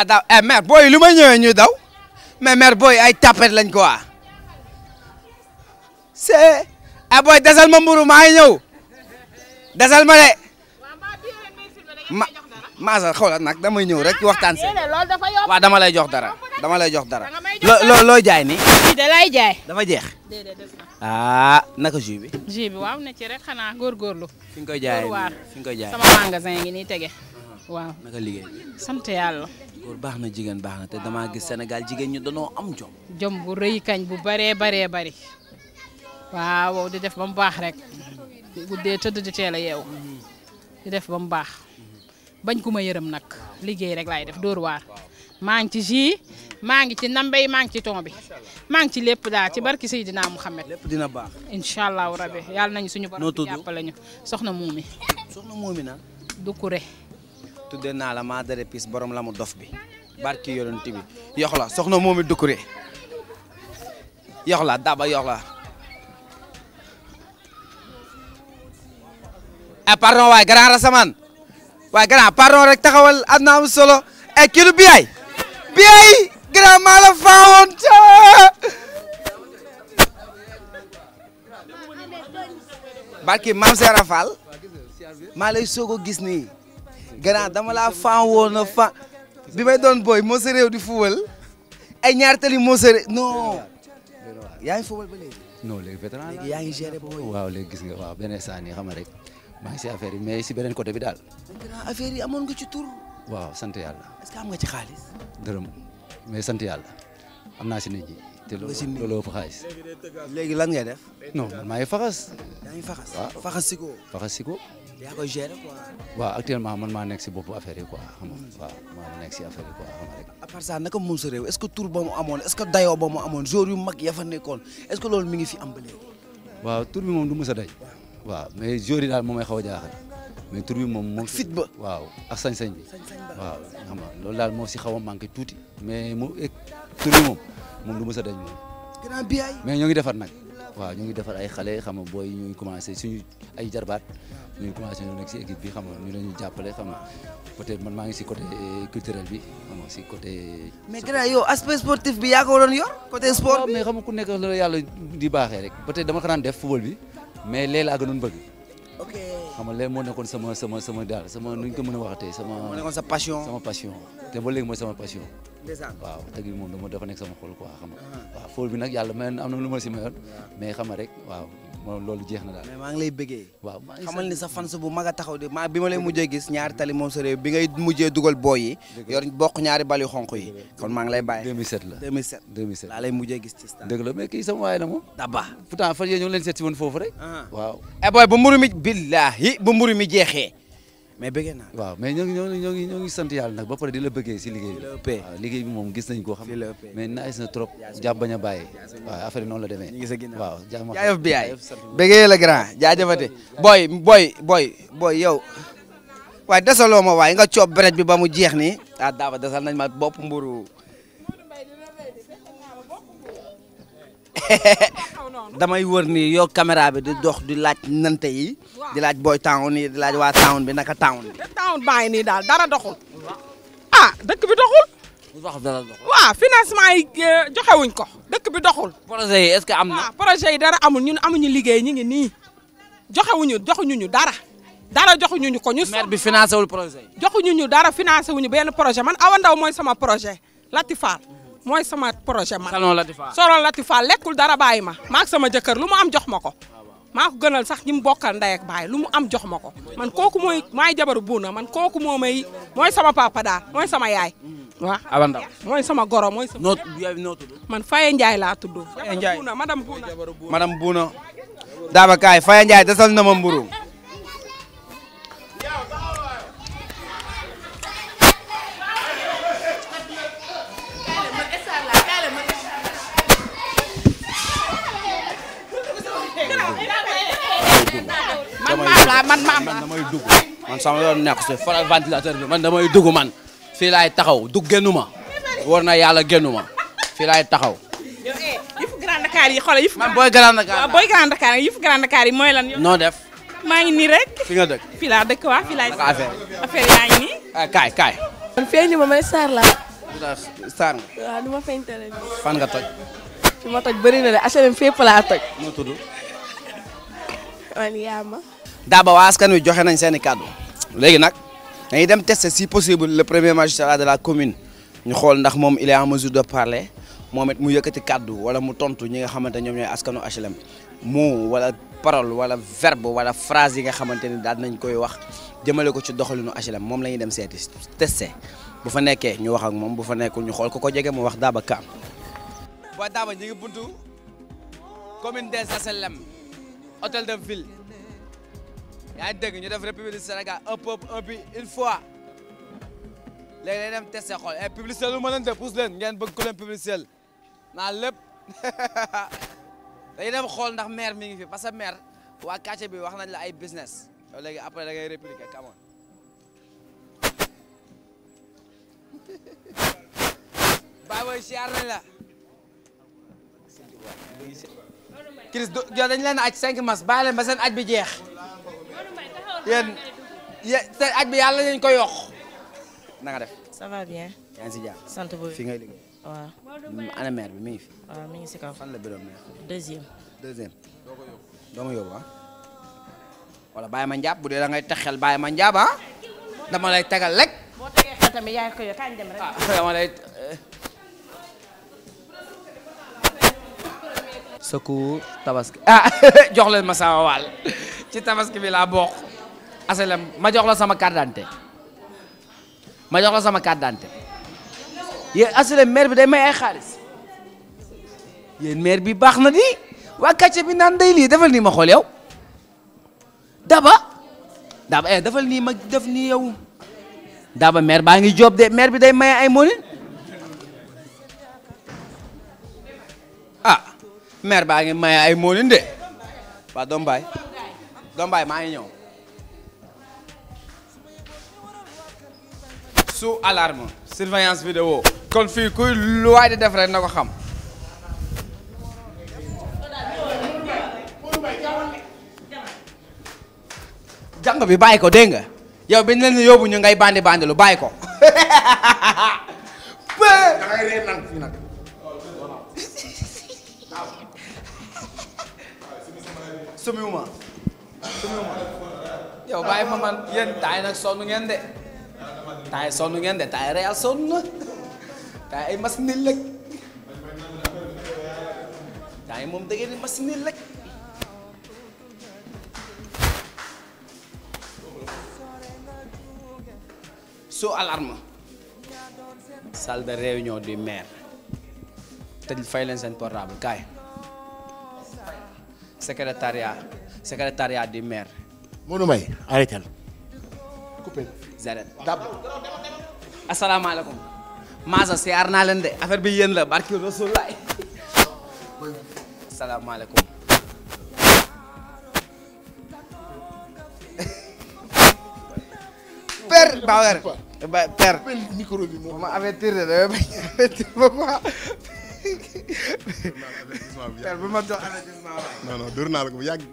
a ah, daw eh maire booy lu ma ñëwee ñuy daw mais maire booy ay tapet lañ ko waa c'est ah booy desal ma mburu maa ngi ñëw desal ma de ma maasal xoolal nag damay ñëw rek waxtaan si waaw dama lay jox dara dama lay jox dara loo loo jaay nii. da lay jaay. dafa jeex. déedéet des na. ah naka jus bi. jus bi waaw ne ci rek xanaa góorgóorlu. fi nga koy jaayee fi nga koy jaayee. sama magasin ngi nii tege uh-huh. waaw. naka liggéey. sant yàlla. góor baax na jigéen baax na te damaa gis senegal jigéen ñu danoo am jom. jom bu rëy kañ bu baree baree bari waaw di def ba mu baax rek di guddee tëdd di teel yeew di def ba mu baax bañ ku ma yërëm nag liggéey rek laay def dóor waar. maa ngi ci jus maa ngi ci nambay maa ngi ci ton bi maa ngi ci lépp daal ci barki Seydina Mouhamed. lépp dina baax incha allahu rabi yàlla nañu suñu borom. noo tudd jàppale ñu soxna Moumi. soxna Moumi tudde naa la maa pis borom la mu bi barki yonent bi yox la soxna moomi dukkure yox la daba yox la eh pardon waay grand rasaman waay grand pardon rek taxawal am na am solo eh kilu biyaay biyaay grand maa la faawoon barki maam Seera Fall maa lay gis nii gannaaw dama laa fan woon na fan bi may doon booy moo sa réew di fuwal ay ñaar tali moo sa réew non yaa ngi fuwal ba léegi. non léegi vétéran léegi yaa ngi géré booy. waaw léegi gis nga waaw beneen saa nii xam nga rek maa si affaire yi mais si beneen côté bi daal. grand yi amoon nga ci tur. waaw sant yàlla. est-ce que am nga ci xaalis. dërëm mais sant am naa si nit te looloo fa xaalis. léegi lan ngay def. non man maa ngi faxas. yaa ngi faxas faxas si ko. faxas si ko. yaa koy gérer actuellement man maa nekk si boppu affaire yi quoi xam nga waaw maa nekk si affaire yi quoi xam naka moom sa réew est-ce tur ba mu amoon est-ce que dayoo ba mu amoon jour yu mag ya fa nekkoon est-ce que loolu mi ngi fi am waaw tur bi moom du mës day. waaw mais jour yi daal moom may xaw a jaaxal. mais tur bi moom moom fit ba waaw ak sañ-sañ bi waaw xam loolu daal moo si xaw a manqué tuuti mais mu tur bi moom moom du mës sa dañ moom. mais ñoo ngi defar nag. waaw ñu ngi defar ay xale xam nga booy ñu ngi commencé suñu ay jarbaat ñu ngi commencé ñu nekk si équipe bi xam nga ñu lañuy jàppale xam nga côté man maa ngi si côté culturel bi xam nga si côté. mais grand bi yaa ko waroon yor côté sport xam nga ku nekk la yàlla di baaxee rek peut-être dama ko daan def football bi mais léegi laa gënoon bëgg. ok xam nga léegi moo nekkoon sama sama sama daal sama nuñ ko mën a waxatee sama. sa passion sama passion te ba léegi mooy sama passion. waaw tëgg bi moom dama dafa nekk sama xol quoi xam nga uh-huh. waaw fóol nag yàlla mayoon na lu ma si mayoon mais xam rek waaw moom loolu jeex na daal mais maa ngi lay bëggee waaw xamal ni sa fans bu mag a taxaw di maa bi ma lay mujjee gis ñaari tali moom sa réew bi ngay mujjee dugal booy yi bokk ñaari bal yu xonq yi kon maa ngi lay bàyyi 2007 a 2007 2007 laa lay mujjee gis ci stade dëgg la mais kii sama waay la moom daba pourtant fa yee ñoo leen seet si woon foofu rek uh-huh. waaw e eh, booy bu mburu mi billaahi bu mais bëggee naa mais ñoo ngi ñoo ngi ñoo sant yàlla nag ba pare di la bëggee si liggéey bi waaw liggéey bi moom gis nañ ko xam mais nice na trop jàpp bañ a bàyyi waaw affaire la demee waaw jaajëf bi yaay bëggee la grand jaajëfate booy booy booy booy yow waaye desaloo ma waaye nga coob beret bi ba mu jeex nii ah daaba desal nañ ma bopp mburu damay wër ni yoo caméra bi di dox di laaj nante yi di laaj booy town yi di laaj waa town bi naka town bi. town baa ngi nii daal dara doxul. ah dëkk bi doxul. waaw financement yi euh, joxewuñ ko dëkk bi doxul. projet yi est que am na. waaw yi dara amul ñun amuñu liggéey ñu ngi nii joxewuñu joxuñu ñu dara. dara joxuñu ñu ko ñu. maire bi financé wul projet yi. joxuñu ñu dara financé wuñu benn projet man Awa Ndaw mooy sama projet Latifal. mooy sama projet man. salon Latifa salon Latifa lekkul dara bàyyi ma. maak sama jëkkër lu mu am jox ma ko. maa ko gënal sax ñi mu bokkal ndey ak baay lu mu am jox ma ko man kooku mooy maay jabaru buuna man kooku moo may mooy sama papa daal mooy sama yaay. waaw mooy sama goro mooy. noo noo tudd. man Faye Ndiaye laa tudd. Faye Ndiaye madame Buuna madame Buuna. madame Buuna. daaba kaay Faye Ndiaye desal na ma mburu man sama yoon nekk si faral ventilateur bi man damay dug man fii laay taxaw du génnuma war na yàlla génnuma fii laay taxaw. Eh, yëfu Grand Dakar yi xoolal yëfu. man booy Grand Dakar yi mooy lan. noo def. maa ngi nii rek. fi nga dëkk fii laa dëkk waa fii laay. affaire affaire yaa ngi nii. Ah, kaay kaay. man ma may Sarr laa. fan nga toj. fi ma toj bëri na de HLM fépp laa toj. noo tudd. man Yaama. Daba waa kan wi joxe nañ seeni kàddu. léegi nag dañuy dem tester si possible le premier magistrat de la commune ñu xool ndax moom il est en mesure de parler moom it mu yëkkati kaddu wala mu tontu ñi nga xamante ñoom ñooy askanu HLM mu wala parole wala verbe wala phrase yi nga xamante ni daal nañ koy wax jëmale ko ci doxalinu HLM moom la ñuy dem seeti tester bu fa nekkee ñu wax ak moom bu fa nekkul ñu xool ko ko jege mu wax Daba Kam. waa Daba ñu ngi buntu commune des HLM hôtel de ville. yaa ngi dégg ñu def république du Sénégal un peuple un but une fois léegi dañuy dem testé xool et eh, publicité lu ma leen def pousse leen ngeen bëgg ku leen publicité naan lépp dañuy xool ndax maire mi ngi fi parce que maire waa quartier bi wax nañ le ay business yow app après da ngay répliquer come on baa booy siyaar nañ leen aj 5 mars bàyyi seen aj bi jeex. yéen yéen seen bi yàlla nañu ko yokk na nga def. ça bien. yaa ngi sant bu fi ngay liggéey. bi mi ngi fi. waaw mi ngi si kaw. fan la bureau mère. deuxième. ma ah. wala bàyyi ma njaab bu dee da ngay teg xel bàyyi ma njaab ah. dama lay tegal rek. boo ah, eh. tabaski ah jox leen ma sama wàll ci tabaski bi laa bok asalam ma jox la sama carte ma jox la sama carte d'identité yéen bi day may ay xaalis yéen maire bi baax na di waa kàcce bi naan day lii dafal nii ma xool yow daba daba eh defal nii ma def nii yow daba maire baa ngi job de maire bi day maye ay monin ah maire baa ngi maye ay monin de waa doom baay maa ngi ñëw sous alarme surveillance vidéo kon fii kuy lu waay di def rek na ko xam. jàng bi bàyyi ko dégg nga yow biñ leen ngay bandi bandi lu bàyyi ko. sumiwuma temps yi sonn ngeen de temps yi Real sonn na temps yi ay masinil rek temps yi moom da ngeen di masinil rek. soo alarme. salle de réunion du maire. tëj fay leen seen portable kaay. secrétariat secrétariat du maire. Mounou Mbaye arrêtel coupé. zaren dab asalaamaaleykum maasa si aar naa leen de affaire bi yéen la barki rasulullah asalaamaaleykum père bawer père micro bi ma avertir de damay bañ avertir ba quoi père bu ma jox avertissement non naa la bu yàgg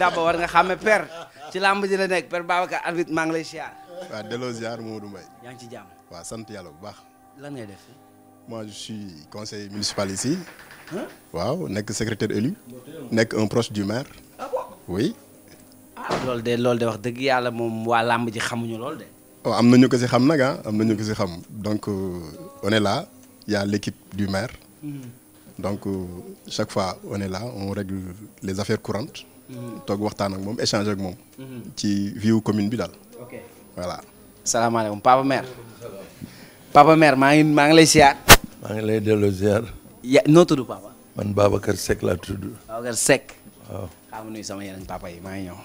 daba war nga xàmme père ci làmb ji la nekk Père Babacar arbitre maa ngi lay ziar. waaw delloo ziar Modou Mbaye. yaa ngi ci jàmm. waaw sant yàlla bu baax. lan ngay def. moi je suis conseil municipal ici. waaw nekk secrétaire élu. nekk un proche du maire. Ah oui. ah loolu de loolu de wax dëgg yàlla moom waa làmb ji xamuñu lool de. waaw oh, am na ñu ko si xam nag ah am na ñu ko si xam donc euh, on est là il y l'équipe du maire. Mhm. donc euh, chaque fois on est là on règle les affaires courantes. toog waxtaan ak moom échange ak moom. ci vie commune bi daal. ok voilà. salaamaaleykum papa maire. papa maire maa ngi maa ngi lay siyaar. maa ngi ya noo papa. man Babacar Seck laa tudd. Babacar Seck. waaw xam nga nuyu sama yeneen papa yi maa ngi ñëw.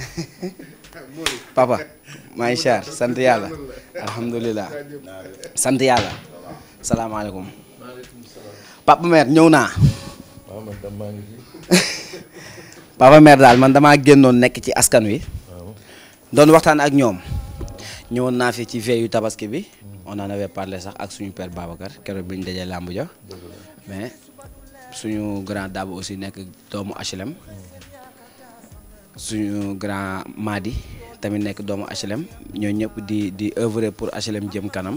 papa maa ngi siyaar sant yàlla alhamdulilah sant yàlla salaamaaleykum. papa maire ñëw naa. Ah, papa mère daal man damaa génnoon nekk ci askan wi. Ah. doon waxtaan ak ñoom. ñëwoon naa fi ci veillu tabaski bi. naa en avait parlé sax ak suñu père Babacar keroog bi ñu dajee làmb ja mais suñu grand Dabo aussi nekk doomu HLM. suñu grand Madi tamit nekk doomu HLM ñoo ñëpp di di œuvrer pour HLM jëm kanam.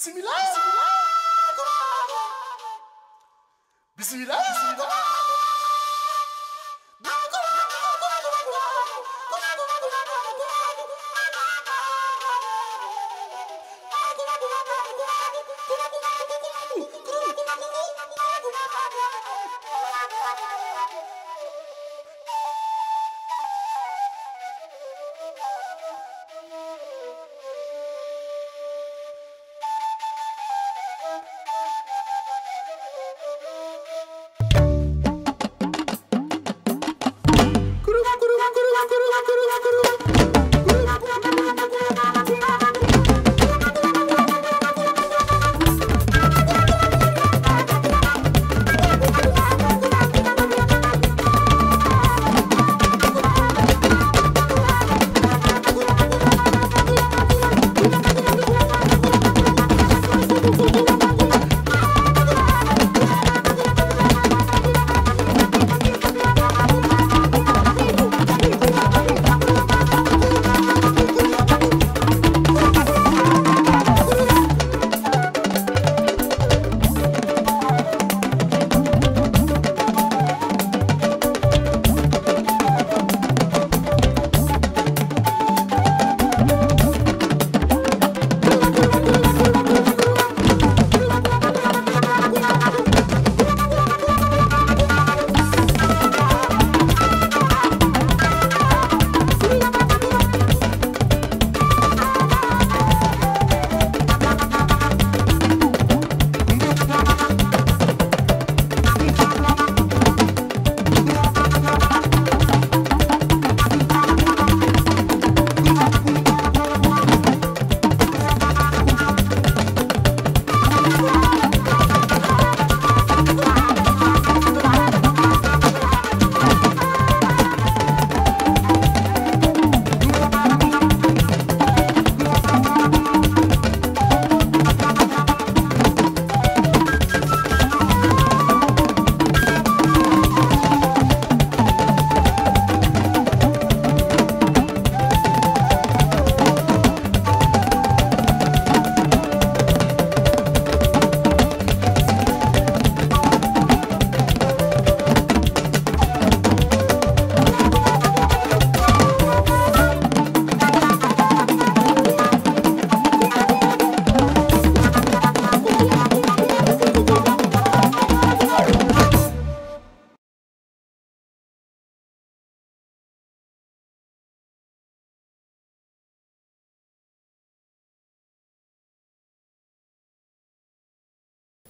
bismillah bismillah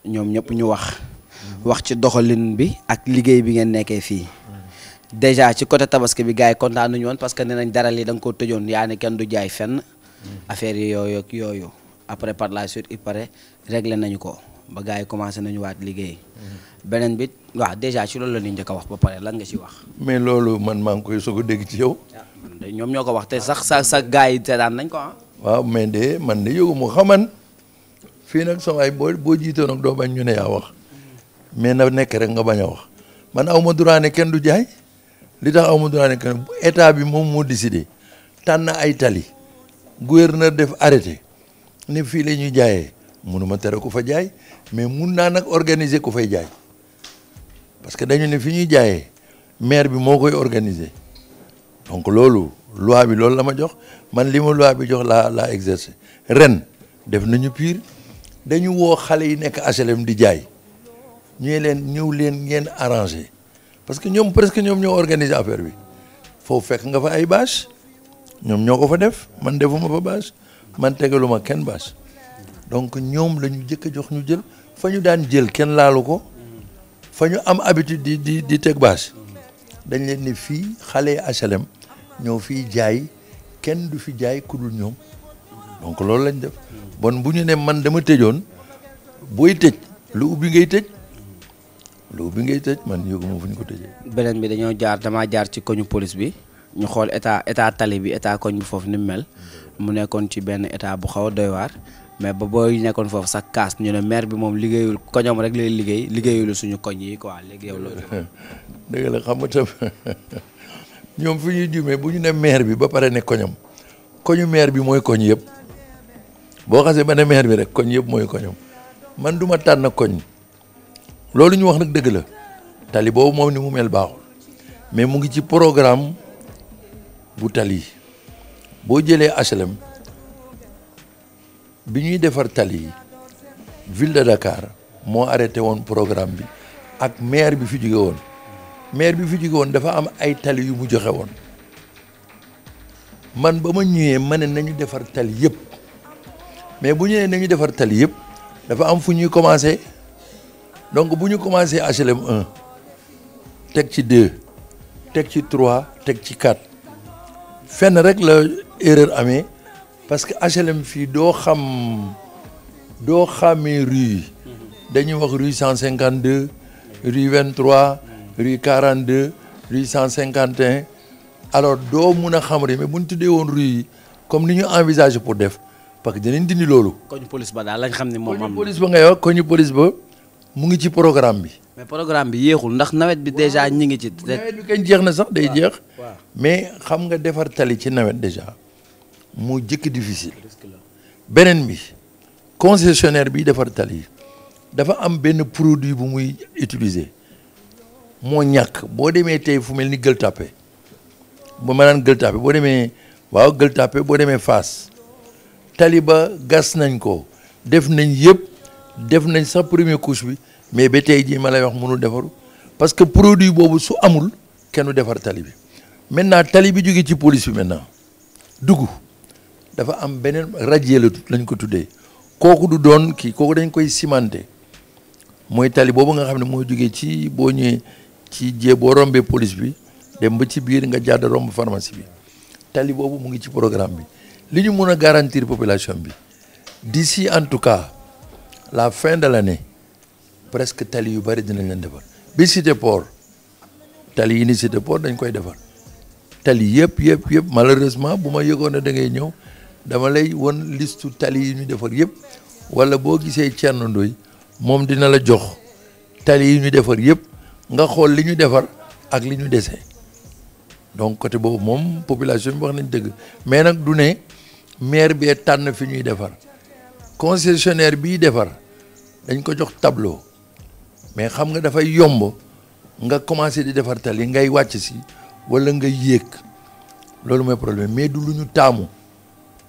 ñoom ñëpp ñu wax wax ci doxalin bi ak liggéey bi ngeen nekkee fii déjà ci côté tabaski bi gars yi kontaan nañu woon parce que ne nañ dara lii da ko tëjoon yaa ne kenn du jaay fenn affaire yi yooyu yooyu après par la suite il paraît réglé nañu ko ba gars yi commencé nañu waat liggéey beneen bi waaw déjà ci loolu la ñu njëkk wax ba pare lan nga ci wax. mais loolu man maa koy soog a dégg ci yow. Ah, ñoom ñoo ko wax te sax sa sa gars yi seetaan nañ ko ah. waaw mais de man de yëgu mu xaman fii nag sa ay boo boo jiitee nag doo bañ ñu ne yaa wax mais na nekk rek nga bañ a wax man aw ma droit kenn du jaay li tax aw ma droit ne kenn état bi moom moo décidé tànn ay tali gouverneur def arrêté ne fii la ñuy jaayee mënuma tere ku fa jaay mais mun naa nag organiser ku fay jaay parce que dañu ne fi ñuy jaaye maire bi moo koy organiser donc loolu loi bi loolu la ma jox man lii ma loi bi jox laa laa exercer ren def nañu piir dañu woo xale yi nekk HLM di jaay ñuy leen ñëw leen ngeen arrangé parce que ñoom presque ñoom ñoo organiser affaire bi foofu fekk nga fa ay bâche ñoom ñoo ko fa def man defuma fa bâche man tegaluma kenn bâche donc ñoom lañu ñu jëkk a jox ñu jël fa ñu daan jël kenn laalu ko fa ñu am habitude di di di teg bâche dañ leen ni fii xale HLM ñoo fii jaay kenn du fi jaay kudul dul ñoom donc loolu lañ def bon bu ñu ne man dama tëjoon booy tëj lu ubbi ngay tëj lu ubbi ngay tëj man yëguma fu ñu ko tëjee. beneen bi dañoo jaar damaa jaar ci koñu police bi ñu xool état état tali bi état koñ bi foofu ni mel mu nekkoon ci benn état bu xaw a doy waar mais ba booy nekkoon foofu sax kaas ñu ne maire bi moom liggéeyul koñom rek lay liggéey liggéeyul suñu koñ yi quoi léegi yow loolu. dëgg ñoom fi ñuy juumee bu ñu ne maire bi ba pare ne koñom koñu maire bi mooy koñ yëpp. boo xasee ba ne maire bi rek koñ yëpp mooy koñam man duma ma tànn koñ loolu ñu wax nag dëgg la tali boobu moo ni mu mel baaxul mais mu ngi ci programme bu tali boo jëlee HLM bi ñuy defar tali yi ville de Dakar moo arrêté woon programme bi ak maire bi fi jóge woon maire bi fi jóge woon dafa am ay tali yu joxe woon man ba ma ñëwee ma ne nañu defar tali yëpp. mais bu ñu nee nañu defar tali yëpp dafa am fu ñuy commencé donc bu ñu commencé HLM 1 teg ci 2 teg ci 3 teg ci 4 fenn rek la erreur amee parce que HLM fii doo xam doo xamee rue yi dañuy wax rue 152 quarante deux rue cent cinquante 151 alors doo mun a xam rek mais bu ñu tuddee woon rue comme ni ñu envisage pour def. parce que dinañ dindi loolu. koñu police ba daal lañ xam ne moom am police ba ngay wax mu ngi ci programme bi. mais programme bi yéexul ndax nawet bi déjà ñi ngi ci. nawet jeex na sax day jeex. mais xam nga defar tali ci nawet déjà mu jëkk difficile. beneen bi concessionnaire bi defar tali dafa am benn produit bu muy utiliser moo ñàkk boo demee tey fu mel ni Gueule Tapée bu ma naan Gueule Tapée boo demee waaw Gueule boo demee Fass. taliba gas nañ ko def nañ yëpp def nañ sax premier couche bi mais ba tey jii ma lay wax mënul defaru parce que produit boobu su amul kenn defar tali bi maintenant tali bi jóge ci police bi maintenant dugg dafa am beneen radier la lañ ko tuddee kooku du doon kii kooku dañ koy cimenté mooy tali boobu nga xam ne mooy jógee ci boo ñëwee ci jee boo rombee police bi dem ba ci biir nga jàdd romb pharmacie bi tali boobu mu ngi ci programme bi li ñu mën a garantir population bi di si en tout cas la fin de l'année presque tali yu bëri dinañ leen defar bi cité port tali yi ni cité port dañ koy defar tali yëpp yëpp yëpp malheureusement bu ma yëgoon ne da ngay ñëw dama lay won listu tali yi ñu defar yëpp wala boo gisee Thierno Ndoye moom dina la jox tali yi ñu defar yëpp nga xool li ñu defar ak li ñu dese donc côté boobu moom population bi wax nañ dëgg mais nag du ne maire bi tànn fi ñuy defar concessionnaire bi defar dañ ko jox tableau mais xam nga dafay yomb nga commencé di defar tali ngay wàcc si wala nga yéeg loolu mooy problème mais du lu ñu taamu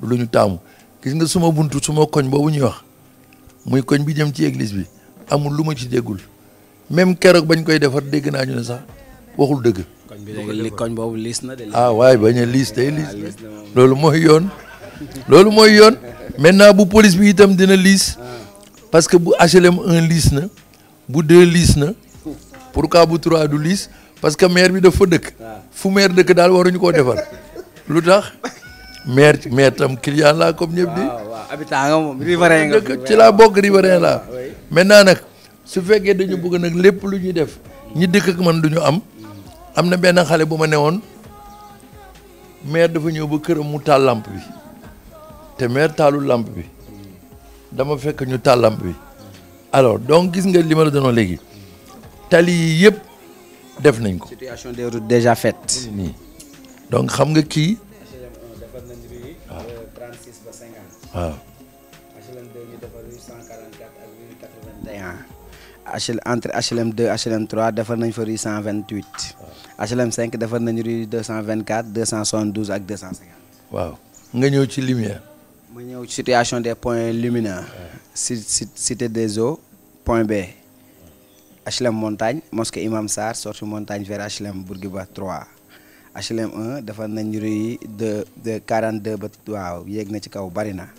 du lu ñu taamu gis nga suma buntu suma koñ boobu ñuy wax muy koñ bi jëm ci église bi amul lu ma ci déggul même keroog bañ koy defar dégg naa ñu ne sax waxul dëgg. koñ bi léegi koñ boobu liis na de. ah waay bañ liis day ah, loolu mooy yoon. loolu mooy yoon maintenant bu police bi itam dina liis parce que bu HLM 1 liis na bu 2 liis na pourquoi bu 3 du liis parce que maire bi dafa dëkk fu maire dëkk daal waruñu koo defar lu tax maire maire tam client laa comme ñëpp di. habitant nga moom riverain nga dëkk ci laa bokk riverain laa. Ah, maintenant nag su fekkee dañu bëgg nag lépp lu ñuy def ñi dëkk ak man du am am na benn xale bu ma ne woon maire dafa ñëw ba këram mu taal lampe bi. te meer taalul lampe bi dama fekk ñu taal lampe bi alors donc gis nga li ma la doon léegi tali yi yëpp def nañ ko. situation des routes déjà faite. nii donc xam nga kii. waaw waaw. HL entre HLM 2 HLM 3 defar nañ fa rue 128. waaw HLM 5 defar nañ rue 224 272 ak 250. waaw nga ñëw ci lumière. ma ñëw situation des points lumineux cité des eaux point B HLM montagne mosquée Imam Sarr sortie montagne vers HLM Bourguiba 3 HLM 1 defar nañ rue de de 42 ba waaw yéeg na ci kaw bari na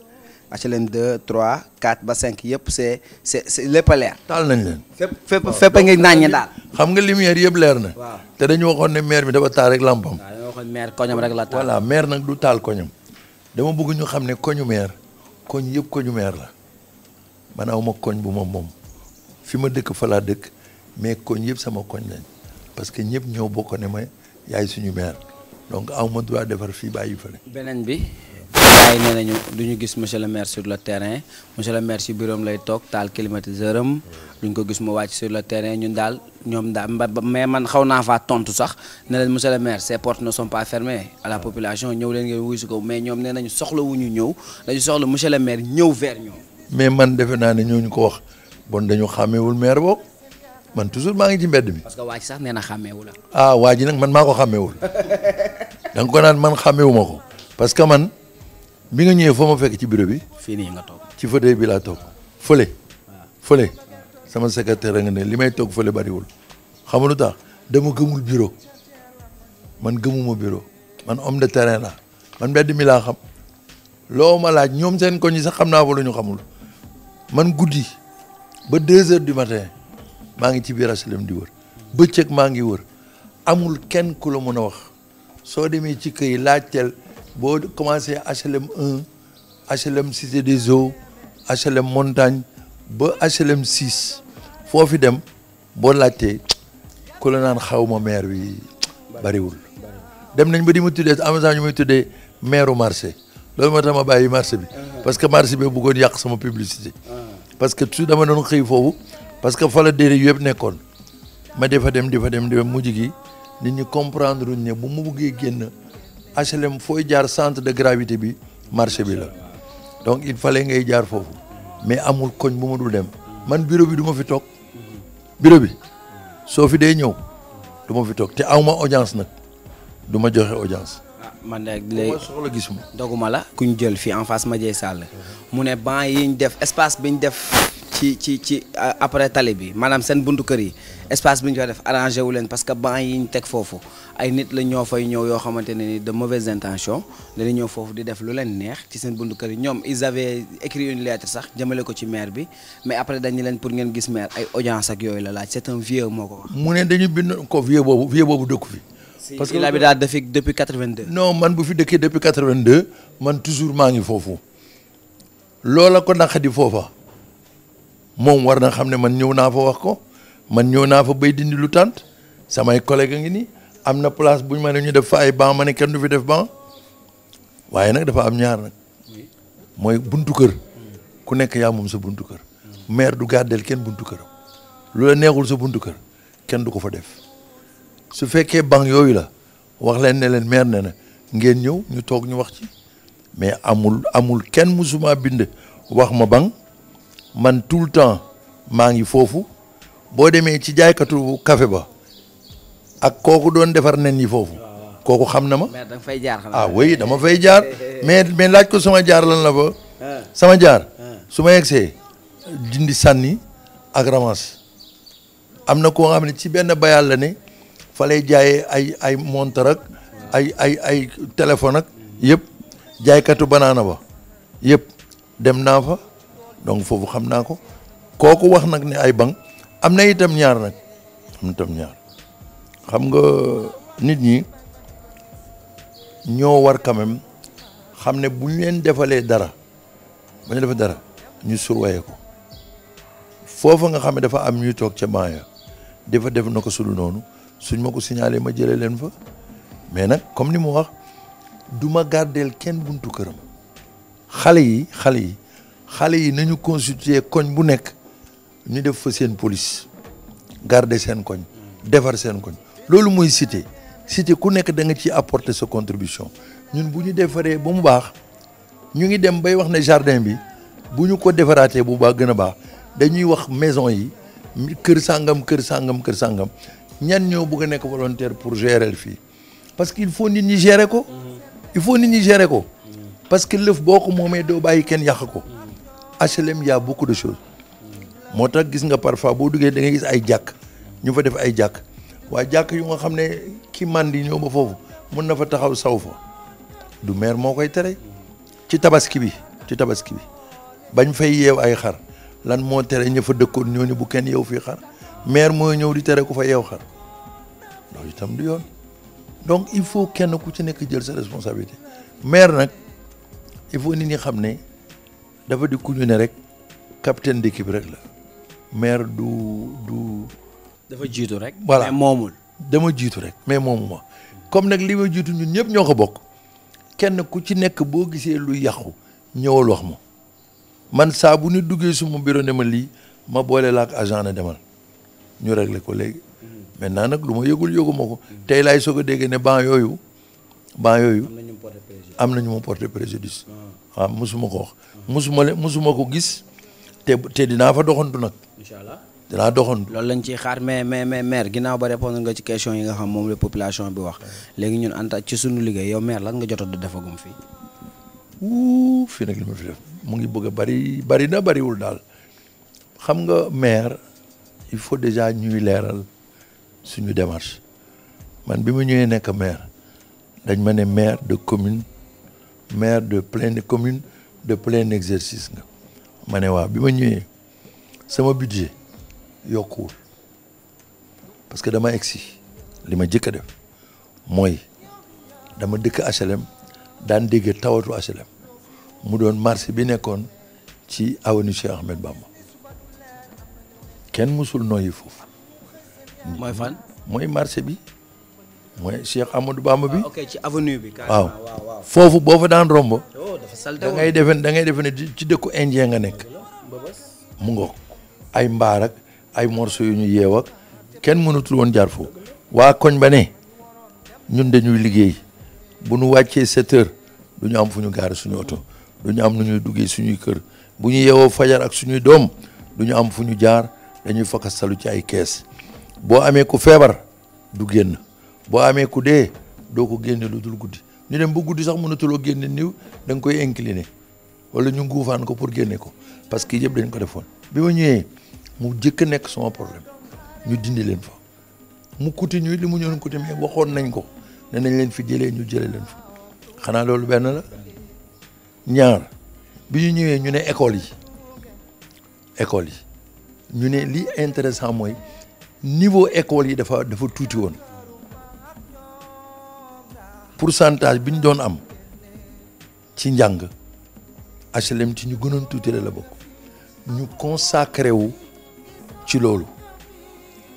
HLM 2 3 4 ba cinq yëpp c'est c'est lépp a leer. taal nañ leen. fépp fépp fépp a ngi daal. xam nga lumière yëpp leer na. waaw te dañu waxoon ne maire bi dafa taal rek lampam. waaw taal. voilà maire nag du taal koñam. dama bëgg ñu xam ne koñu meer koñ yëpp koñu meer la man aw ma koñ bu ma moom fi ma dëkk fa laa dëkk mais koñ yëpp sama koñ lañ parce que ñëpp ñoo bokk ne ma yaay suñu meer donc aw ma droit defar fii bàyyi fële. beneen bi. gars yi nee nañu du ñu gis monsieur le maire sur le terrain monsieur le maire si bureau lay toog taal climatiseur duñ ko gis mu wàcc sur le terrain ñun daal ñoom daal mais man xaw naa faa tontu sax ne monsieur le maire ces portes ne sont pas fermées à la population ñëw leen ngeen wuyu si ko mais ñoom nee ñu soxla wu ñu ñëw dañu soxla monsieur le maire ñëw vers ñoom. mais man defe naa ne ñooñu ko wax bon dañu xàmmewul maire boobu man toujours maa ngi ci mbedd mi. parce que waa sax nee na xàmmeewu la. Ah, waa ji nag man maa ko xàmmewul da nga ko naan bi nga ñëwee foo ma fekk ci bureau bi. fii nii nga toog ci fauteuil bi laa toog fële. fële sama secrétaire nga ne li may toog fële bariwul xam nga lu tax dama gëmul bureau man gëmuma bureau man homme de terrain la man mbedd milaa xam loo ma laaj ñoom seen koñ yi sax xam naa fa ñu xamul man guddi ba deux heures du matin maa ngi ci biir HLM di wër bëccëg maa ngi wër amul kenn ku la mën a wax soo demee ci kër laajteel. boo commencé HLM 1 HLM Cité des Eaux HLM Montagne ba HLM 6 foo fi dem boo laajtee ku la naan xaw ma maire bi bariwul dem nañ ba di ma tuddee en même temps ñu may tuddee maireu marché loolu moo tax ma bàyyi marché bi ah. parce que marché bi buggoon yàq sama publicité ah. parce que su dama doon xëy foofu parce que fa la déere yëpp nekkoon ma defa dem di fa dem di mujj gi nit ñi comprendre uñ bu mu buggee génn HLM fooy jaar centre de gravité bi marché bi la donc il fallait ngay jaar foofu mais amul koñ bu ma dul dem man bureau bi du ma fi toog bureau bi soo fi dee ñëw du fi toog te awma audience nag du ma joxe audience. Ah, man de léegi soxla gisuma. doguma la ku ñu jël fii en face Madiaye Sall mu ne banc yi ñu def espace bi ñu def ci ci ci après tali bi maanaam seen buntu kër yi espace bi ñu fa def arrangé wu leen parce que banc yi ñu teg foofu ay nit la ñoo fay ñëw yoo xamante ne ni de mauvaise intention dañuy ñëw foofu di def lu leen neex ci seen buntu kër yi ñoom ils avaient écrit une lettre sax jëmale ko ci maire bi mais après dañu leen pour ngeen gis maire ay audience ak yooyu la laaj c'est un vieux moo ko wax. mu ne dañu bind ko vieux boobu vieux boobu dëkku fi. parce que la bi daal dafi depuis 82. non man bu fi dëkkee depuis 82 man toujours maa ngi foofu loola ko naqadi foofa moom war na xam ne man ñëw naa fa wax ko man ñëw naa fa bay dindi lu tànt samay collègue a ngi nii. am na place bu ñu ma ne ñu def fa ay banc ma ne kenn du fi def banc waaye nag dafa am ñaar nag mooy buntu kër ku nekk yaa moom sa buntu kër maire du gàddeel kenn buntu këram lu la neexul sa buntu kër kenn du ko fa def su fekkee banc yooyu la wax leen ne leen maire ne na ngeen ñëw ñu toog ñu wax ci mais amul amul kenn musuma bind wax ma banc man tout le temps maa ngi foofu boo demee ci jaaykatu kafe ba ak kooku doon defar nen yi foofu ah. kooku xam na ma ah oui dama fay jaar mais mais laaj ko sama jaar lan la fa ah. sama jaar ah. su ma yegsee dindi sànni ak ramas am na koo xam ne ci benn bayal la ne fa lay jaaye ay ay ay ay ay téléphone ak hmm. yëpp jaaykatu banaana ba yépp dem naa fa donc foofu xam naa ko kooku wax nag ne ay bank am na itam ñaar nag am na itam ñaar xam nga nit ñi ñoo war kamem xam ne bu ñu leen defalee dara ba ñu defee dara ñu surwaye ko foofa nga xam ne dafa am ñuy toog ca maaya dafa def na ko sulu noonu suñ ma ko signalé ma jëlee leen fa mais nag comme ni mu wax du ma gardeel kenn buntu këram xale yi xale yi xale yi nañu constituer koñ bu nekk ñu def fa seen police garder seen koñ defar seen koñ loolu mooy cité cité ku nekk da nga ciy apporter sa contribution ñun bu ñu defaree ba mu baax ñu ngi dem bay wax ne jardin bi bu ñu ko defaraatee bu baax gën a baax dañuy wax maison yi kër sangam kër sangam kër sangam ñan ñoo bëgg a nekk volontaire pour gérer fii parce que il faut nit ñi gérer ko. il faut ni ñi gérer ko. parce que lëf boo ko moomee doo bàyyi kenn yàq ko. HLM y a beaucoup de choses. moo tax gis nga parfois boo duggee da ngay gis ay jàkk ñu fa def ay jàkk. waa jàkk yu nga xam ne ki màndi ñëw ba foofu mën na fa taxaw saw fa du maire moo koy tere ci tabaski bi ci tabaski bi bañ fay yeew ay xar lan moo tere ña fa dëkkoon ñooñu bu kenn yeew fii xar maire mooy ñëw di tere ku fa yeew xar loolu itam du yoon donc il faut kenn ku ci nekk jël sa responsabilité maire nag il faut nit ñi xam ne dafa di ku ñu ne rek capitaine d'équipe rek la maire du du dafa jiitu rek. voilà moomul. dama jiitu rek mais moomuma comme nag li ma jiitu ñun ñëpp ñoo ko bokk kenn ku ci nekk boo gisee lu yàqu ñëwal wax ma man saa bu ñu duggee suma bureau ne ma lii ma boole la ak agent na demal ñu réglé ko léegi maintenant nag lu ma yëgul yëgu ma ko tey laay soog a dégg ne ban yooyu ban yooyu am nañu ma porté préjudice waaw ah. ah, mosuma ko wax mosuma le mosuma ko gis te te dinaa fa doxantu nag incha allah dinaa doxantu. loolu lañ ciy xaar mais mais mais maire ginnaaw ba répondre nga ci question yi nga xam moom la population bi wax léegi ñun anta ci suñu liggéey yow maire lan nga jot a defagum fii. fii nag li ma fi mu ngi bëgg a bari bari na bariwul daal xam nga maire il faut déjà ñuy leeral suñu démarche man bi ma ñëwee nekk maire dañ ma ne maire de commune maire de pleine commune de plein exercice nga ma ne waaw bi ma ñëwee sama budget. yokkuwul parce que dama egsi li ma jëkk a def mooy dama dëkk HLM daan dégg tawatu HLM mu doon marché bi nekkoon ci avenue Cheikh Ahmed Bamba kenn musul noyyi foofu. mooy fan. bi mooy Cheikh Amadou Bamba bi. Ah, ok ci avenue bi. waaw foofu boo daan romb. Oh, da ngay defe da ngay defe ne ci dëkku indien nga nekk. mu ngoog ay mbaar ay morceaux yu ñu yeewa kenn mënatul woon jaar foofu waa koñ ba ne ñun dañuy liggéey bu nu wàccee sept heures du ñu am fu ñu gaare suñu oto du ñu am nu ñuy duggee suñuy kër bu ñu yeewoo fajar ak suñuy doom du ñu am fu ñu jaar dañuy fakastalu ci ay kees boo amee ku feebar du génn boo amee ku dee doo ko génne lu dul guddi ñu dem bu guddi sax mënatuloo génne niw da nga koy incliné wala ñu nguufaan ko pour génnee ko parce que yëpp dañ ko defoon bi ma ñëwee mu jëkk nekk sama problème ñu dindi leen fa mu kuti ñuy li mu ñoon kuti mais waxoon nañ ko ne nañ leen fi jëlee ñu jëlee leen fa xanaa loolu benn la ñaar bi ñu ñëwee ñu ne école yi école yi ñu ne li intéressant mooy niveau école yi dafa dafa tuuti woon pourcentage bi ñu doon am ci njàng HLM ci ñu gënoon tuuti la la bokk ñu consacré wu ci loolu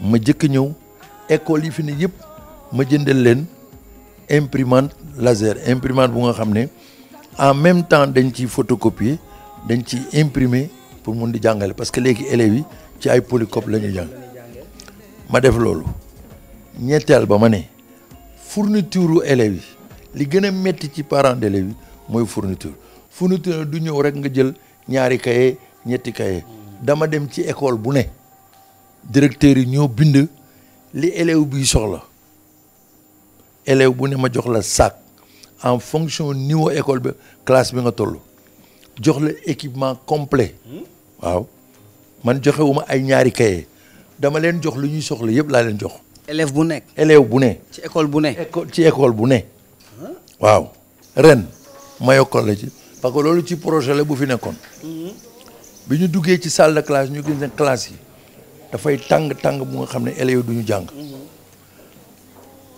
ma jëkk ñëw école yi fi ne yëpp ma jëndal leen imprimante laser imprimante bu nga xam ne en même temps dañ ciy photocopier dañ ci imprimer pour mun di jàngale parce que léegi élèves yi ci ay polycope la ñuy jàng ma def loolu ñetteel ba ma ne fourniture élèves yi li gën a métti ci parents d'élèves yi mooy fourniture fourniture du ñëw rek nga jël ñaari kaye ñetti kaye dama dem ci école bu ne directeurs yi ñoo bind li élève bi soxla élève bu ne ma jox la sac en fonction niveau école bi classe bi nga toll jox la équipement complet waaw man joxewuma ay ñaari kaye dama leen jox lu ñuy soxla yëpp laa leen jox. élève bu nekk élève bu ne. ci école bu ne. ci école bu ne. waaw ren ma yokkoon la ci parce que loolu ci projet la bu fi nekkoon. Mhm. bi ñu duggee ci salle de classe ñu gis ne classe yi. dafay tàng tàng bu nga xam ne élèves du ñu jàng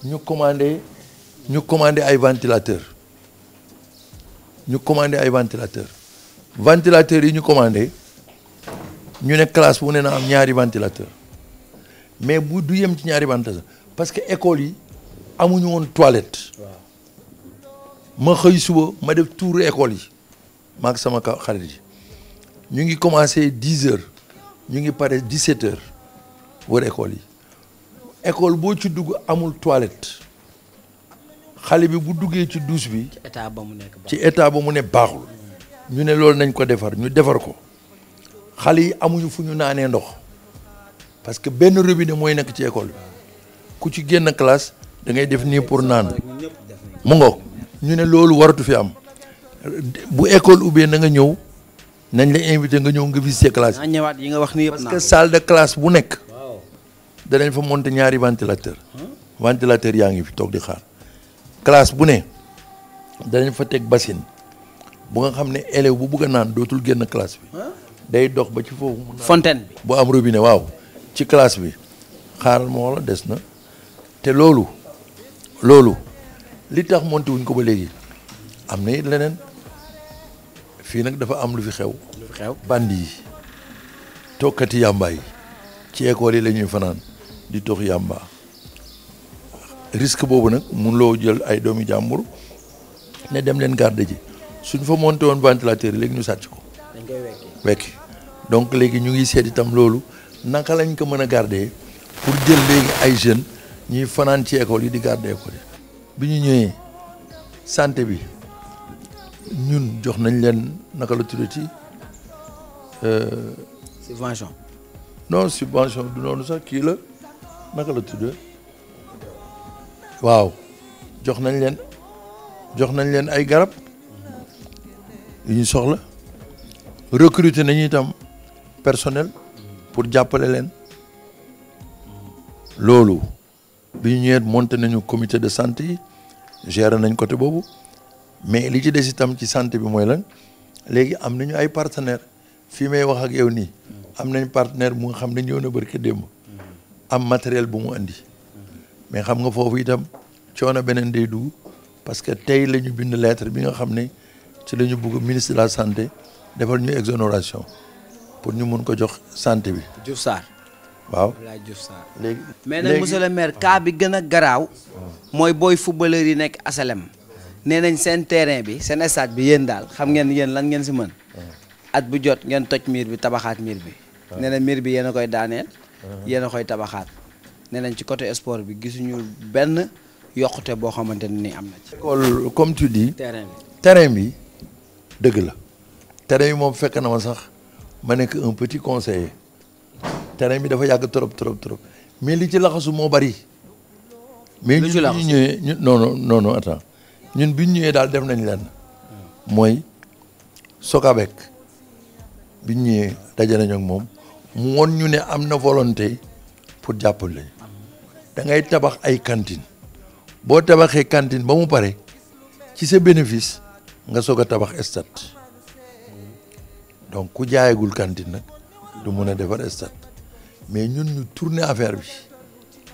ñu commandé ñu commandé ay ventilateur ñu commandé ay ventilateur ventilateur yi ñu commandé ñu ne classe bu ne na am ñaari ventilateur mais bu du yem ci ñaari ventilateur parce que école yi amuñu woon toilette ma xëy suba ma def tuuru école yi maak sama xarit yi ñu ngi commencé dix heures ñu ngi pare 17 heures wër école yi école boo ci dugg amul toilette xale bi bu duggee ci douche bi. ci état ba mu nekk ci état ba mu ne baaxul. ñu ne loolu nañ ko defar ñu defar ko xale yi amuñu fu ñu naanee ndox parce que benn robinet mooy nekk ci école bi ku ci génn classe da ngay def nii pour naan mu ngoog ñu ne loolu waratu fi am bu école ubbee na nga ñëw. nañ la invité nga ñëw nga visiter classe yi. yi nga wax ni yëpp parce que salle bu nekk. danañ fa monter ñaari ventilateur hmm? ventilateur yaa ngi fi toog di xaar. classe bu ne danañ fa teg bassine bu nga xam ne élève bu bugg a naan dootul génn classe bi. Hmm? day dox ba ci foofu. fontaine bi bu am robinet waaw. ci classe bi xaaral moo la des na te loolu. loolu li tax monté wuñ ko ba léegi am na it leneen. fii nag dafa am lu fi xew. lu xew bandi yi tokkati yàmba yi ci école yi la ñuy fanaan di toog yàmba risque boobu nag mun loo jël ay doomi jàmbur ne dem leen garde ji suñ fa monté woon ventilateur yi léegi ñu sàcc ko. dañ koy donc léegi ñu ngi seet itam loolu naka lañ ko mën a garde pour jël léegi ay jeunes ñuy fanaan ci école yi di garder école yi bi ñu ñëwee santé bi. ñun jox nañ leen naka la tuddati. Euh, subvention. non subvention du noonu sax kii la naka la tuddee waaw jox nañ leen jox nañ leen ay garab yu ñu soxla recruter nañu itam personnel pour jàppale leen loolu bi ñu ñëwee monté nañu comité de santé yi gérer nañ côté boobu. mais li ci des itam ci santé bi mooy lan léegi am na ñu ay partenaire fii may wax ak yow nii am nañ partenaire mu nga xam ne ñëw na barke démb am matériel bu mu andi mais xam nga foofu itam coono beneen day dugg parce que tey la ñu bind lettre bi nga xam ne ci la ñu bugg ministre de la santé defal ñu exonération pour ñu mun ko jox santé bi. Diouf Sarr. waaw Abdoulaye Diouf Sarr. léegi mais nag monsieur le maire bi gën a garaaw. Oh. mooy booy footballeur yi nekk asalem nee nañ seen terrain bi seen stade bi yéen daal xam ngeen yéen lan ngeen si mën ah. at bu jot ngeen toj miir bi tabaxaat miir bi ah. nee miir bi yéen koy daaneel ah. yéen koy tabaxaat nee nañ ci côté sport bi gisuñu benn yokkute boo xamante ne ni am na ci école comme tu dis terrain bi terrain bi dëgg la terrain bi moom fekk na ma sax ma nekk un petit conseiller terrain bi dafa yàgg trop trop trop mais li ci laxasu moo bari mais ñu ñëwee ñu non non non non attends ñun biñ ñëwee daal def nañ leen mooy Socabek biñ ñëwee daje nañ moom mu woon ñu ne am na volonté pour jàppale da ngay tabax ay cantine boo tabaxee cantine ba mu pare ci sa bénéfice nga soog a tabax stade donc ku jaayagul cantine nag du mun a defar stade mais ñun ñu tourner affaire bi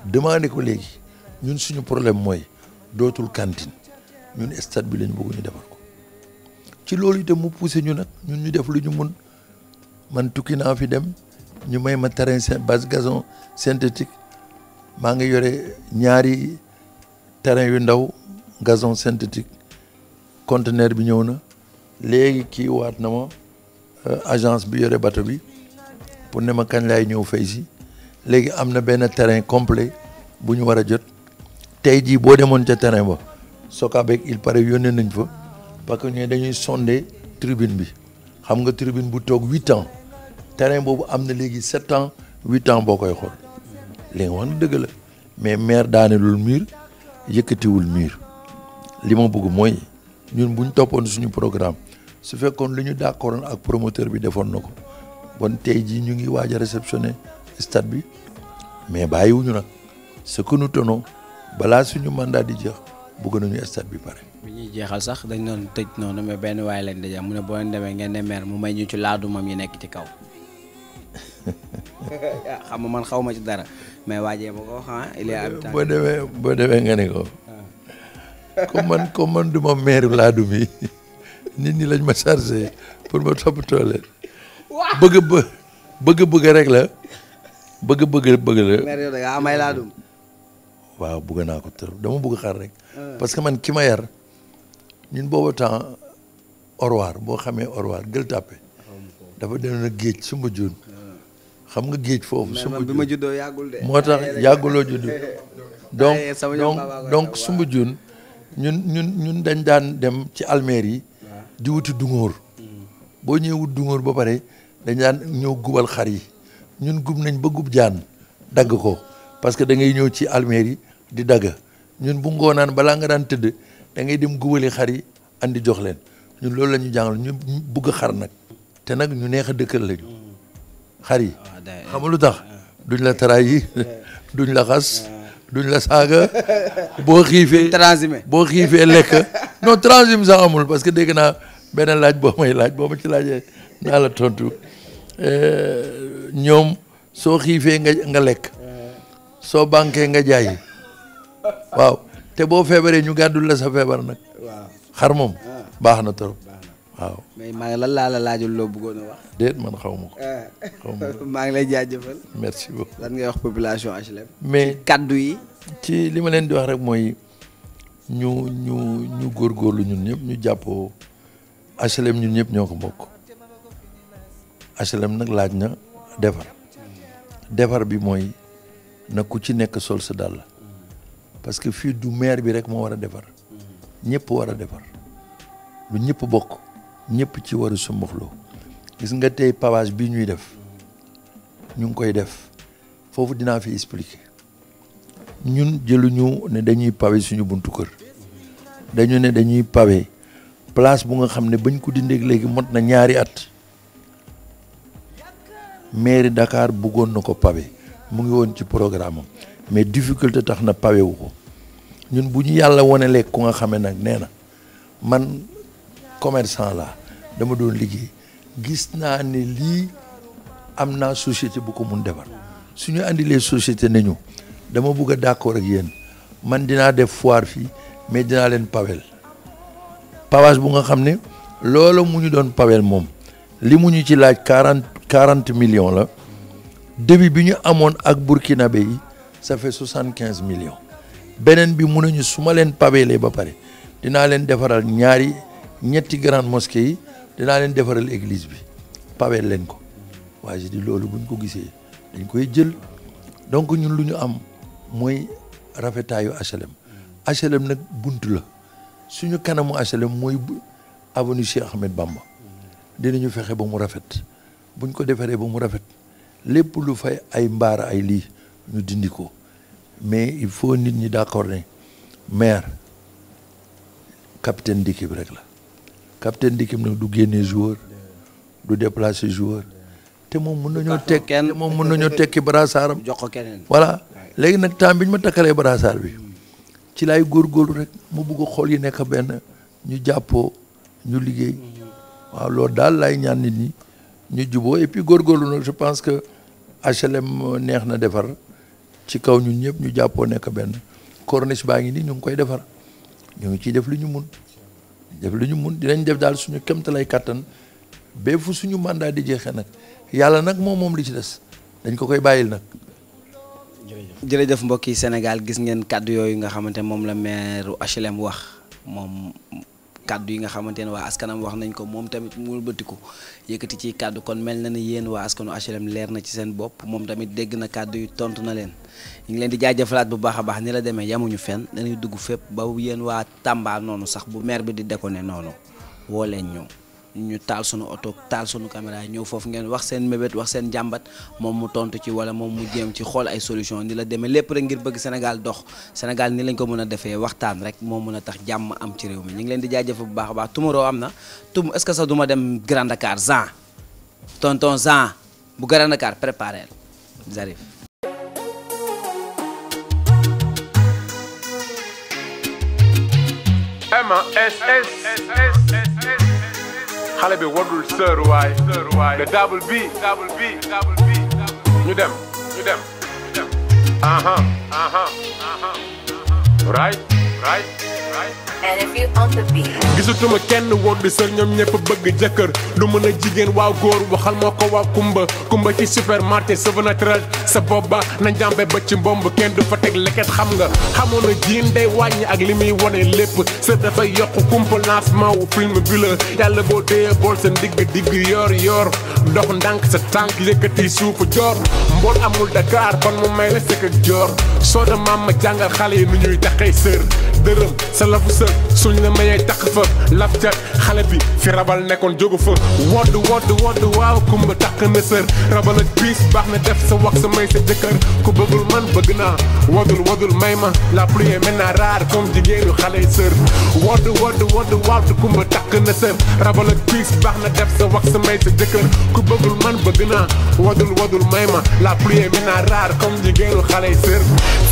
demandé ko léegi ñun suñu problème mooy dootul cantine ñun stade bi lañu bëgg ñu defar ko ci loolu itam mu poussé ñu nag ñun ñu def lu ñu mun man tukki naa fi dem ñu may ma terrain base gazon synthétique maa ngi yore ñaari terrain yu ndaw gazon synthétique conteneur bi ñëw na léegi kii waat na ma euh, agence bi yore bato bi pour ne ma kañ laay ñëw fay si léegi am na benn terrain complet bu ñu war a jot tey jii boo demoon ca terrain ba Sokabek il paraît yónnee nañ fa parce que ñooy dañuy sondé tribune bi xam nga tribune bu toog huit ans terrain boobu am na léegi sept ans huit ans boo koy xool li nga wax na dëgg la mais maire daanelul mur yëkkatiwul mur li ma bëgg mooy ñun bu ñu toppoon suñu programme su fekkoon lu ñu d'accordoon ak promoteur bi defoon na ko bon tey jii ñu ngi waaj a réceptionné stade bi mais bàyyiwuñu nag ce que nous balaa suñu mandat di jeex. bëgg nañu stade bi pare. bi ñuy jeexal sax dañ doon tëj noonu mais benn waaye lañ daje mu ne boo leen demee ngeen ne meer mu may ñu ci laadumam yi nekk ci kaw. man xaw ma ci dara mais waajee ba ko xam ah, il est habitant. boo demee boo demee ah. nit ñi lañ ma chargé pour ma toppatoo leen. bëgg bë bëgg bëgg la bëgg bëgg bëgg la. meer yow da ngaa am ay waaw bëgg naa ko trop dama bugg xar rek. Ah parce que man ki ma yar ñun boobu temps orwaar boo xamee orwaar gël tàppe dafa dem nag géej sumba juun ah. xam nga géej foofu. sumba juun ma juddoo yàggul de. moo tax yàgguloo juddu donc ah, donc donc sumba juun ñun ñun ñun dañ daan dem ci almeer yi. di wuti dungóor. Mm. boo ñëwee wut dungóor ba pare dañ daan ñëw gubal xar yi ñun gub nañ ba gub jaan dagg ko parce que da ngay ñëw ci almeer yi. di dagg ñun bu ngoonaan balaa nga daan tëdd da ngay dem gubali xar yi andi jox leen ñun loolu la ñu jàngal ñu bugg xar nag te nag ñu neex a dëkk lañu xar yi ah, xam lu tax ah. duñ la taraay yi duñ la xas ah. duñ la saaga boo xiifee boo xiifee lekk non transhumé sax amul parce que dégg naa beneen laaj boo may laaj boo ma ci laajee naa la tontu eh, ñoom soo xiifee nga nga lekk soo banquee nga jaay waaw te boo feebaree ñu gàddul la sa feebar nag. waaw xar moom. Ah. baax na trop. waaw mais maa lan laa la laajul loo bëggoon a wax. déet man xaw ma ko. Ah. maa ngi lay jaajëfal. merci lan ngay wax population HLM. mais kaddu yi. ci li ma leen di wax rek mooy ñu ñu góor góorgóorlu ñun ñëpp ñu jàppoo HLM ñun ñëpp ñoo ko bokk HLM nag laaj na defar hmm. defar bi mooy na ku ci nekk sol sa dàll. parce que fii du maire bi rek moo war a defar ñëpp war a defar lu ñëpp bokk ñëpp ci war a sumbaxloo gis nga tey pavage bi ñuy def ñu ngi koy def foofu dinaa fi expliquer ñun jëluñu ne dañuy pavé suñu buntu kër dañu ne dañuy pawe place bu nga xam ne bañ ko dindee léegi mot na ñaari at mairie dakaar bëggoon na ko pawe mu ngi woon ci programme am mais difficulté tax na pawewu ko ñun bu ñu yàlla wonelee ku nga xame nag nee na man commerçant la dama doon liggéey gis naa ni lii am na société bu ko mun defar suñu andilee société ne ñu dama bugg a d'accord ak yéen man dinaa def foire fii mais dinaa leen pawel pawage bu nga xam ne loolu mu ñu doon pawel moom li mu ñu ci laaj quarante quarante million la début bi ñu amoon ak burkinabé yi ça fait soixante quinze million beneen bi mun nañu su pawee leen pabeelee ba pare dinaa leen defaral ñaari ñetti grande mosquée yi dinaa leen defaral église bi pabeel leen ko waa je dis loolu buñ ko gisee dañ koy jël donc ñun lu ñu am mooy rafetaayu HLM HLM nag bunt la suñu kanamu HLM mooy avenue Cheikh Ahmed Bamba dinañu fexe ba mu rafet buñ ko defaree ba mu rafet lépp lu fay ay mbaar ay lii ñu dindi ko mais il faut nit ñi d'accord ne maire capitaine d'équipe rek la capitaine d'équipe nag du génne joueur du déplace jour te moom mun nañoo tekki kenn te moom mën nañoo tekki brassaaram jox ko keneen voilà léegi nag temps bi ma takkalee brassaar bi hmm. ci laay góorgóorlu rek mu bugg xool yi nekk benn ñu jàppoo ñu liggéey hmm. waaw loolu daal laay ñaan nit ñi ñu juboo et puis góorgóorlu nag je pense que HLM neex na defar ci kaw ñun ñëpp ñu jàppoo nekk benn corniche baa ngi nii ñu ngi koy defar ñu ngi ciy def lu ñu mun def lu ñu mun dinañ def daal suñu kéemtalaay kàttan ba fu suñu mandat di jeexee nag yàlla nag moom moom li ci des dañ ko koy bàyyil nag. jërëjëf mbokk yi Sénégal gis ngeen kàddu yooyu nga xamante moom la maire mu wax moom kàddu yi nga xamante ne waa askanam wax nañ ko moom tamit mu bëttiku yëkkati ci kàddu kon mel na ni yéen waa askanu HLM leer na ci seen bopp moom tamit dégg na kàddu yi tontu na leen ñu ngi leen di jaajëfalaat bu baax a baax ni la demee yamuñu fenn dañuy dugg fépp ba yéen waa Tamba noonu sax bu meer bi di déconné noonu woo leen ñëw ñu taal sunu oto taal sunu caméra ñëw foofu ngeen wax seen mébét wax seen jàmbat moom mu tontu ci wala moom mu jéem ci xool ay solution ni la demee lépp rek ngir bëgg Sénégal dox Sénégal ni lañ ko mën a defee waxtaan rek moo mën a tax jàmm am ci réew mi ñu ngi leen di jaajëfal bu baax a baax tumuroo am na tum est-ce que ma dem Grand Dakar Jean tonton Jean bu Grand Dakar préparé j'arrive a xale bi warul sër waay. sër waay le double bi. double bi double bi. ñu dem ñu dem. ñu dem. aha aha aha. right. gisatuma kenn woon di sër ñoom ñëpp bëgg jëkkër du mën a jigéen waaw góor waxal moo ko waa kumba kumba ci supermarché sa naturel ba bobba na njàmbe ba ci mbomb kenn du fa teg leket xam nga xamoon na jiin day wàññi ak li muy wone lépp sa dafay yokk kumpa lancement wu film bi la yàlla boo dee bool sa ndigg digg yoor yoor dox ndànk sa tànk yëkkati suufu joor mbool amul Dakar kon mu may la joor soo da maam ma jàngal xale yi nu ñuy taxee sër dërëm sa lafu sër suñ la mayee takk fa laf ca xale bi fi rabal nekkoon jógu fa wodd wodd wodd waaw kumba takk na sër rabal ak piis baax na def sa wax sa may sa jëkkër ku bëggul man bëgg naa wodul wodul may ma la pluie est maintenant rare comme jigéenu xale yi sër wodd wodd wodd waaw kumba takk na sër rabal ak piis baax na def sa wax sa may sa jëkkër ku bëggul man bëgg naa wodul wodul may ma la pluie est maintenant rare comme jigéenu xale yi sër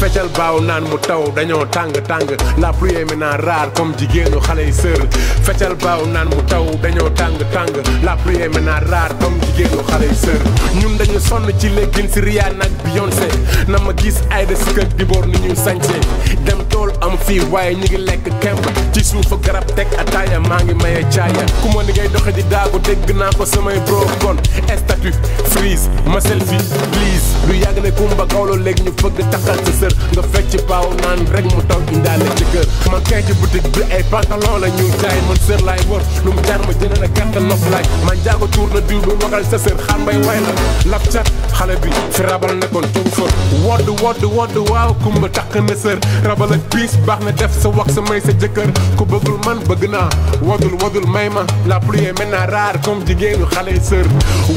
feccal baaw naan mu taw dañoo tàng tàng la pluie est maintenant comme jigéenu xale yi sër feccal baaw naan mu taw dañoo tàng tàng la pluie est maintenant rare comme jigéenu xale yi sër ñun dañu sonn ci léggin si Rihanna ak Beyoncé na ma gis Aïda si kër di boor ni ñuy sañse dem tool am fii waaye ñu ngi lekk kemb ci suufa garab teg ataaya maa ngi maye caaya ku ma ni ngay doxe di daagu dégg naa ko samay bro kon statut freeze ma selfie please lu yàgg ne kumba kawlo léegi ñu fëgg taxal sa sër nga fecc baaw kër man bi ay pantalon la ñuy jaay man sër laay wër lu mu jaar ma jënd na gàtt nopp laaj tuur na diw bi waxal sa sër xaan bay way la lab cat xale bi fi rabal nekkoon tuur fa wodd wodd wodd waaw kumba takk na sër rabal ak piis baax na def sa wax sa may sa jëkkër ku bëggul man bëgg naa a woddul may ma la pluie est maintenant rare comme jigéenu xale yi sër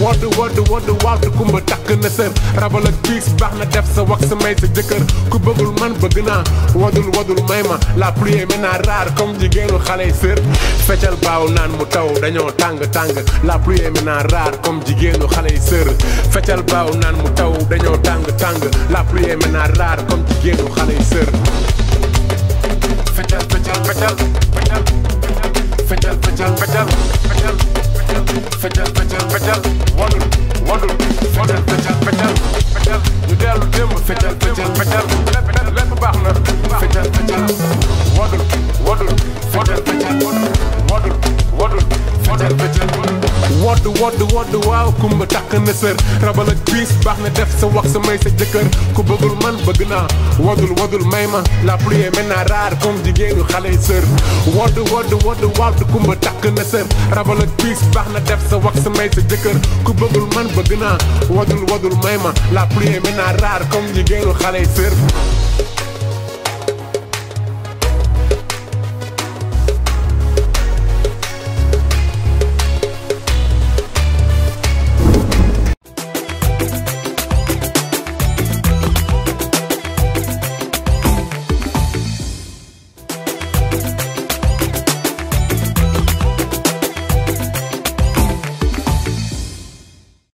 wodd wodd wodd waaw kumba takk na sër rabal a piis baax na def sa wax sa may sa jëkkër ku bëggul man bëgg naa woddul woddul may ma la pluie est maintenant rare comme jigéenu xale yi sër feccal baaw naan mu taw dañoo tàng tàng la pluie est maintenant rare comme jigéenu xale yi sër feccal baaw naan mu taw dañoo tàng tàng la pluie est maintenant rare comme jigéenu xale yi ñu dellu démb feccal feccal feccal lépp baax na feccal feccal wodul wodul feccal feccal wodul wodul feccal feccal wodd wodd wodd waaw kumba takk na sër rabal ak piis baax na def sa wax sa may sa jëkkër ku bëggul man bëgg naa woddul woddul may ma la pluie maintenant rare comme jigéenu xale yi sër wodd wodd wodd wodd kumba takk na sër rabal ak piis baax na def sa wax sa may sa jëkkër ku bëggul man bëgg naa woddul woddul may ma la pluie naa raar comme jigéenu xale yi sër